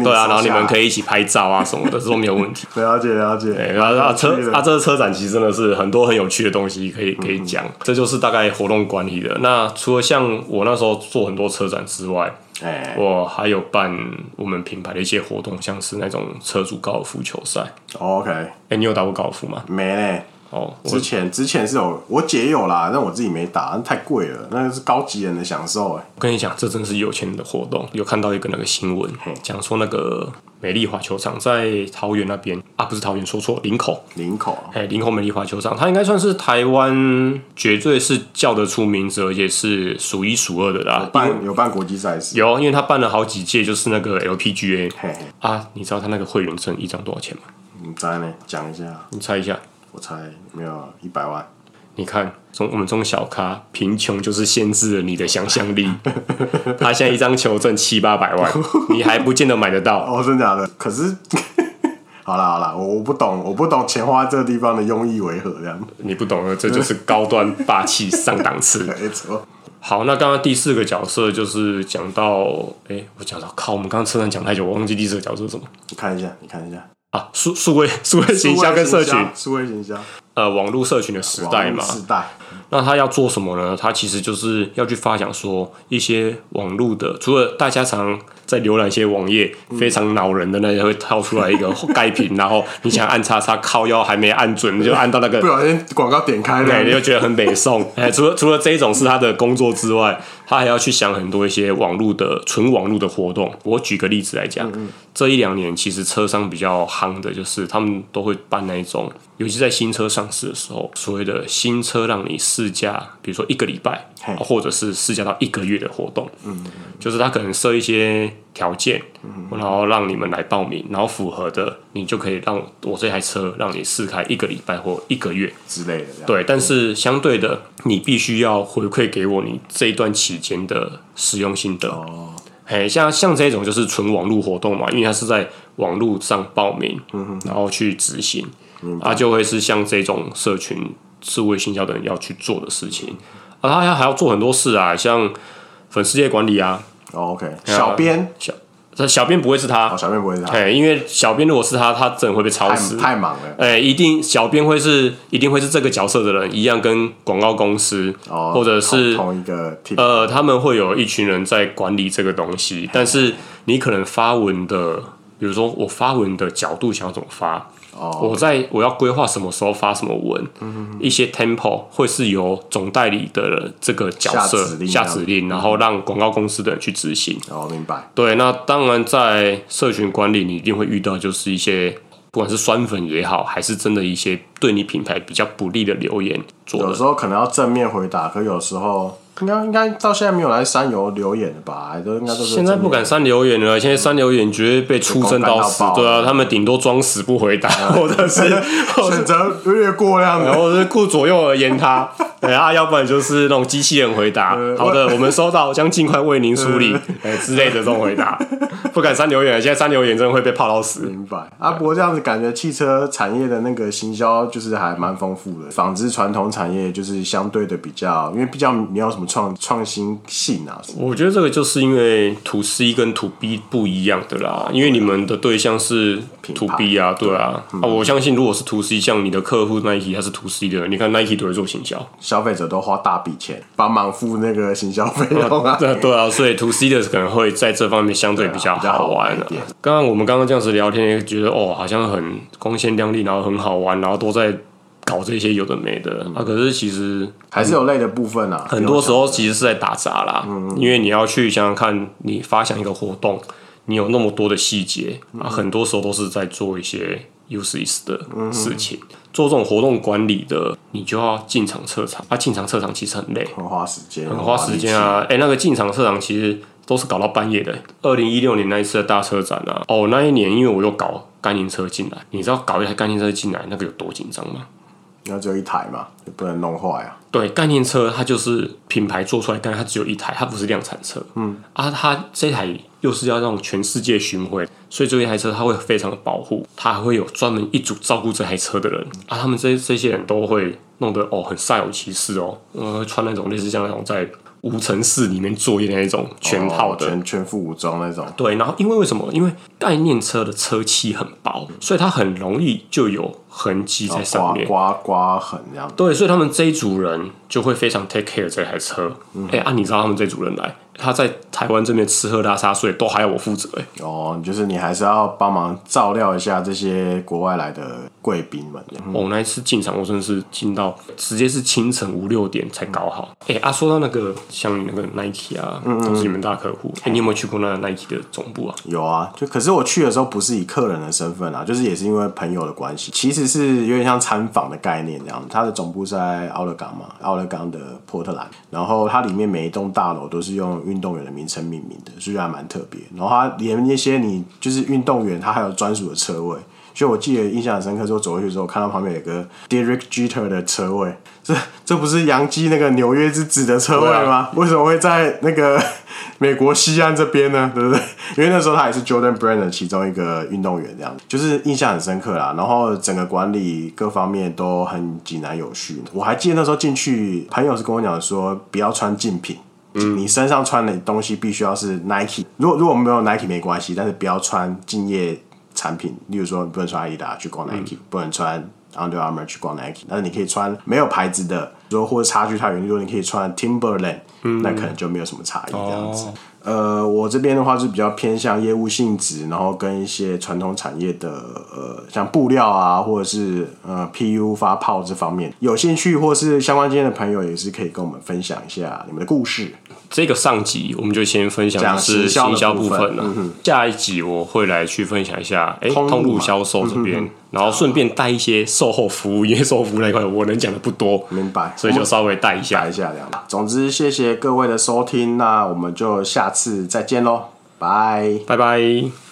對啊，然後你們可以一起拍照啊什麼的，這都沒有問題。了解了解，啊車這個車展其實真的是很多很有趣的東西可以可以講，這就是大概活動管理的。那除了像我那時候做很多車展之外，我還有辦我們品牌的一些活動，像是那種車主高爾夫球賽。OK，哎，你有打過高爾夫嗎？沒嘞。哦，之前之前是有我姐有啦，但我自己沒打，太貴了，那就是高級人的享受哎。我跟你講，這真的是有錢人的活動。有看到一個那個新聞，嘿，講說那個美麗華球場在桃園那邊啊，不是桃園，說錯，林口，林口，哎，林口美麗華球場，它應該算是台灣絕對是叫得出名字，而且是數一數二的啦。有辦，因為，有辦國際賽事，有，因為它辦了好幾屆，就是那個 LPGA。嘿嘿，啊，你知道它那個會員證一張多少錢嗎？你猜呢，講一下，你猜一下。我猜沒有一百萬。你看，從我們中小咖貧窮就是限制了你的想象力。他現在一張球掙七八百萬，你還不見得買得到。 (laughs) 哦，真的假的？可是，好啦好啦，我我不懂，我不懂錢花這個地方的用意為何這樣。你不懂了，這就是高端霸氣上檔次。 (laughs) 沒錯錯。好，那剛剛第四個角色就是講到，哎、欸，我講到靠，我們剛剛車上講太久，我忘記第四個角色是什麼。你看一下，你看一下。啊，數數位數位行銷跟社群，數位行銷，呃，網絡社群的時代嘛。時代，那他要做什麼呢？他其實就是要去發想說一些網絡的，除了大家常在瀏覽一些網頁、嗯、非常惱人的那些，會跳出來一個蓋屏 (laughs) 然後你想按叉叉，靠腰還沒按準，對你就按到那個不小心廣告點開了，你就覺得很北宋。哎， (laughs) 除了除了這一種是他的工作之外。他還要去想很多一些網絡的純網絡的活動。我舉個例子來講，這一兩年其實車商比較夯的就是，他們都會辦那種，尤其在新車上市的時候，所謂的新車讓你試駕。比如說一個禮拜，嘿或者是試駕到一個月的活動，嗯，嗯嗯就是他可能設一些條件，嗯、然後讓你們來報名，然後符合的，你就可以讓我這台車讓你試開一個禮拜或一個月之類的，對。嗯、但是相對的，你必須要回饋給我你這一段期間的使用心得哦。Hey, 像像這種就是純網絡活動嘛，因為它是在網絡上報名，嗯,嗯然後去執行，嗯、啊，就會是像這種社群。是微信交的人要去做的事情，啊，他還要做很多事啊，像粉絲頁管理啊。哦、OK，小編、啊、小，但小編不會是他，哦、小編不會是他，欸、因為小編如果是他，他整會被操死，太忙了，哎、欸，一定小編會是，一定會是這個角色的人，一樣跟廣告公司，哦、或者是同、同一個呃，他們會有一群人在管理這個東西，但是你可能發文的，比如說我發文的角度想要怎麼發。Oh, okay. 我在我要規劃什麼時候發什麼文，mm hmm. 一些 tempo 會是由總代理的這個角色下指、下指令，然後讓廣告公司的人去執行。哦，oh, 明白。對，那當然在社群管理，你一定會遇到，就是一些不管是酸粉也好，還是真的，一些對你品牌比較不利的留言做的，有時候可能要正面回答，可有時候。應該應該到現在沒有來刪游留言的吧？都應該都是。現在不敢刪留言了，現在刪留言絕對被出生到死。對啊，他們頂多裝死不回答，嗯、或者是選擇略過那樣的，然後是顧左右而言他，對、 (laughs) 哎、啊，要不然就是那種機器人回答。嗯、好的，嗯、我們收到，將儘快為您處理，哎、嗯、之類的這種回答。不敢刪留言，現在刪留言真的會被泡到死。明白。阿、啊、不過這樣子感覺汽車產業的那個行銷就是還蠻豐富的，紡織傳統產業就是相對的比較，因為比較沒有什麼。創創新性啊！我覺得這個就是因為 TO C 跟 TO B 不一樣的啦，因為你們的對象是 TO B 啊，對啊。對啊，我相信如果是 TO C，像你的客戶 Nike，他是 TO C 的，你看 Nike 都會做行銷，消費者都花大筆錢幫忙付那個行銷費用，啊啊，對啊，所以 TO C 的可能會在這方面相對比較好玩，啊啊、比較好玩一點。剛剛我們剛剛這樣子聊天，覺得哦，好像很光鮮亮麗，然後很好玩，然後都在。搞這些有的沒的啊，可是其實還是有累的部分啊。嗯、很多時候其實是在打雜啦，嗯，因為你要去想想看，你發想一個活動，你有那麼多的細節、嗯、啊，很多時候都是在做一些 useless 的事情。嗯、做這種活動管理的，你就要進場撤場，啊，進場撤場其實很累，很花時間，很花時間啊。哎、欸，那個進場撤場其實都是搞到半夜的。二零一六年那一次的大車展啊，哦，那一年因為我又搞乾淨車進來，你知道搞一台乾淨車進來那個有多緊張嗎？那只有一台嘛，也不能弄壞啊。對，概念車它就是品牌做出來，但它只有一台，它不是量產車。嗯，啊，它這台又是要讓全世界巡迴，所以這一台車它會非常的保護，它還會有專門一組照顧這台車的人。嗯、啊，他們這這些人都會弄得哦很煞有其事哦，呃，穿那種類似像那種在無塵室裡面作業的那種全套的哦哦全全副武裝那種。對，然後因為為什麼？因為概念車的車漆很薄，所以它很容易就有，痕跡在上面，刮，刮刮痕，這樣。對，所以他們這一組人就會非常 take care 這台車。哎、嗯欸，啊，你知道他們這組人來，他在台灣這邊吃喝拉撒睡都還要我負責哎、欸。哦，就是你還是要幫忙照料一下這些國外來的貴賓們。我、嗯哦、那一次進場，我真的是進到直接是清晨五六點才搞好。哎、嗯欸，啊，說到那個像那個 Nike 啊，嗯嗯都是你們大客戶、欸，你有沒有去過那個 Nike 的總部啊？有啊，就可是我去的時候不是以客人的身份啊，就是也是因為朋友的關係，其實。其實是有點像參訪的概念這樣，它的總部是在奧勒岡嘛，奧勒岡的波特蘭，然後它裡面每一棟大樓都是用運動員的名稱命名的，所以還蠻特別。然後它連那些你就是運動員，他還有專屬的車位，所以我記得印象深刻的時候，之後走過去之後，看到旁邊有一個 Derek Jeter 的車位，這這不是洋基那個紐約之子的車位嗎？對啊，為什麼會在那個美國西岸這邊呢？對不對？因為那時候他也是 Jordan Brand 的其中一個運動員這樣子，就是印象很深刻啦。然後整個管理各方面都很井然有序。我還記得那時候進去，朋友是跟我講說，不要穿競品，嗯。你身上穿的東西必須要是 Nike。如果如果沒有 Nike 沒關係，但是不要穿競業產品，例如說你不能穿阿迪達去逛 Nike，嗯。不能穿 Under Armour 去逛 Nike。但是你可以穿沒有牌子的，如果或者差距太遠，如果你可以穿 Timberland，嗯。那可能就沒有什麼差異這樣子。哦。呃，我這邊的話是比較偏向業務性質，然後跟一些傳統產業的呃，像布料啊，或者是呃 PU 發泡這方面，有興趣或是相關經驗的朋友，也是可以跟我們分享一下你們的故事。這個上集我們就先分享的是營銷部分了，分嗯、下一集我會來去分享一下哎，欸、路通路銷售這邊。嗯哼哼然後順便帶一些售後服務，因為售後服務那塊我能講的不多，明白，所以就稍微帶一下一下這樣吧。總之，謝謝各位的收聽，那我們就下次再見嘍，拜拜拜。Bye bye